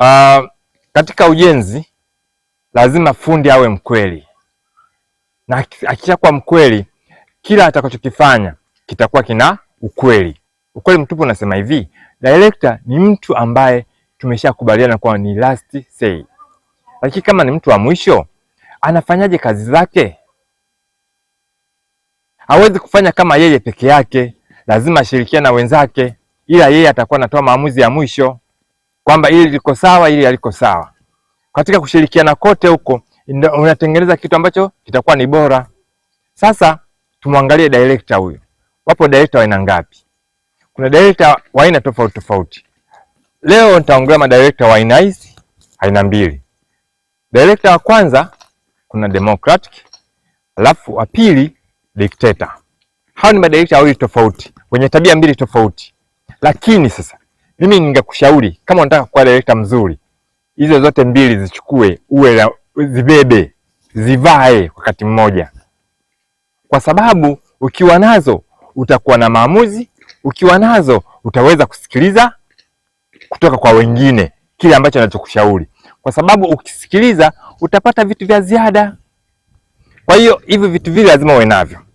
Uh, katika ujenzi lazima fundi awe mkweli, na kuwa mkweli kila atakachokifanya kitakuwa kina ukweli. Ukweli mtupu unasema hivi, director ni mtu ambaye tumeshakubaliana kuwa ni last say, lakini kama ni mtu wa mwisho, anafanyaje kazi zake? Hawezi kufanya kama yeye peke yake, lazima ashirikiane na wenzake, ila yeye atakuwa anatoa maamuzi ya mwisho kwamba ili liko sawa, ili haliko sawa. Katika kushirikiana kote huko unatengeneza kitu ambacho kitakuwa ni bora. Sasa tumwangalie director huyu, Wapo director wa aina ngapi? Kuna director wa aina tofauti tofauti. Leo nitaongelea madirector wa aina hizi aina mbili. Director wa kwanza kuna democratic, alafu wa pili dictator. Hao ni madirector wawili tofauti, wenye tabia mbili tofauti. Lakini sasa mimi ningekushauri kama unataka kuwa director mzuri, hizo zote mbili zichukue, uwe zibebe, zivae wakati mmoja, kwa sababu ukiwa nazo utakuwa na maamuzi, ukiwa nazo utaweza kusikiliza kutoka kwa wengine kile ambacho anachokushauri, kwa sababu ukisikiliza utapata vitu vya ziada. Kwa hiyo hivi vitu vile lazima uwe navyo.